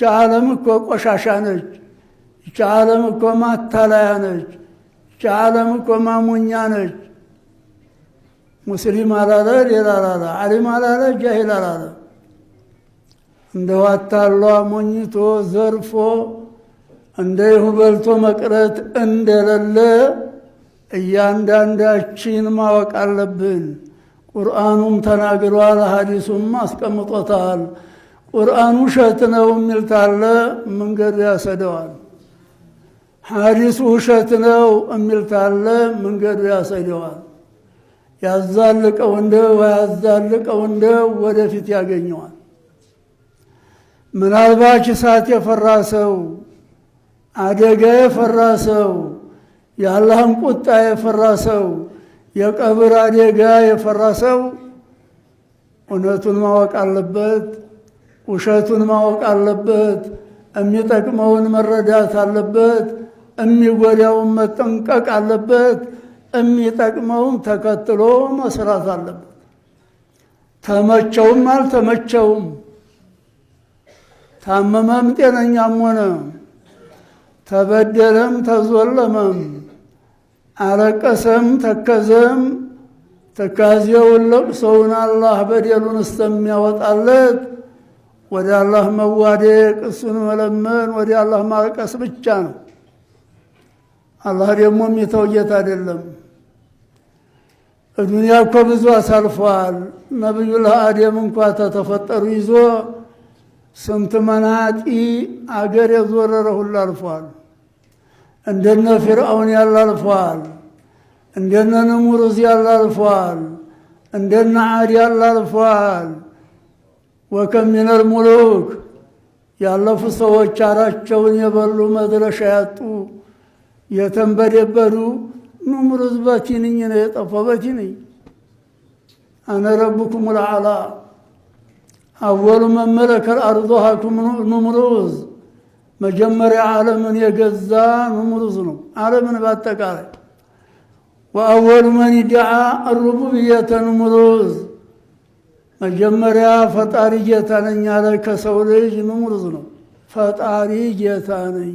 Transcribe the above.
ይቺ ዓለም እኮ ቆሻሻ ነች። ይቺ ዓለም እኮ ማታለያ ነች። ይቺ ዓለም እኮ ማሞኛ ነች። ሙስሊም አላለ፣ ሌላ አላለ፣ አሊም አላለ፣ ጃሂል አላለ። እንደው አታሎ ሞኝቶ ዘርፎ እንደይሁ በልቶ መቅረት እንደሌለ እያንዳንዳችን ማወቅ አለብን። ቁርአኑም ተናግሯል፣ ሀዲሱም አስቀምጦታል። ቁርአኑ ውሸት ነው የሚል ታለ መንገድ ያሰደዋል። ሐዲሱ ውሸት ነው የሚል ታለ መንገድ ያሰደዋል። ያዛልቀው እንደው ያዛልቀው እንደው ወደፊት ያገኘዋል። ምናልባች እሳት የፈራ ሰው፣ አደጋ የፈራ ሰው፣ የአላህን ቁጣ የፈራ ሰው፣ የቀብር አደጋ የፈራ ሰው እውነቱን ማወቅ አለበት። ውሸቱን ማወቅ አለበት። የሚጠቅመውን መረዳት አለበት። የሚጎዳውን መጠንቀቅ አለበት። የሚጠቅመውን ተከትሎ መስራት አለበት። ተመቸውም አልተመቸውም፣ ታመመም ጤነኛም ሆነ፣ ተበደለም ተዞለመም፣ አለቀሰም ተከዘም ትካዜውን ለቅሶውን አላህ በደሉን እስከሚያወጣለት ወደ አላህ መዋደቅ፣ እሱን መለመን፣ ወደ አላህ ማልቀስ ብቻ ነው። አላህ ደግሞ የሚተው ጌታ አይደለም። ዱንያ እኮ ብዙ አሳልፏል። ነቢዩላህ አደም እንኳ ተተፈጠሩ ይዞ ስንት መናጢ አገር የዞረረ ሁሉ አልፏል። እንደነ ፊርአውን ያለ አልፏል። እንደነ ንሙሩዝ ያለ አልፏል። እንደነ አድ ያለ አልፏል። ወከሚነል ሙሉክ ያለፉ ሰዎች አራቸውን የበሉ መድረሻ ያጡ የተንበደበዱ ኑምሩዝ በቲንኝ ነው የጠፋ በቲንኝ አነ ረብኩም ልዓላ አወሉ መመለከል አርዶሃኩም ኑምሩዝ መጀመሪያ ዓለምን የገዛ ኑምሩዝ ነው። ዓለምን በአጠቃላይ ወአወሉ መን ይድዓ አሩቡብየተ ኑምሩዝ መጀመሪያ ፈጣሪ ጌታ ነኝ ያለ ከሰው ልጅ ምሙርዝ ነው። ፈጣሪ ጌታ ነኝ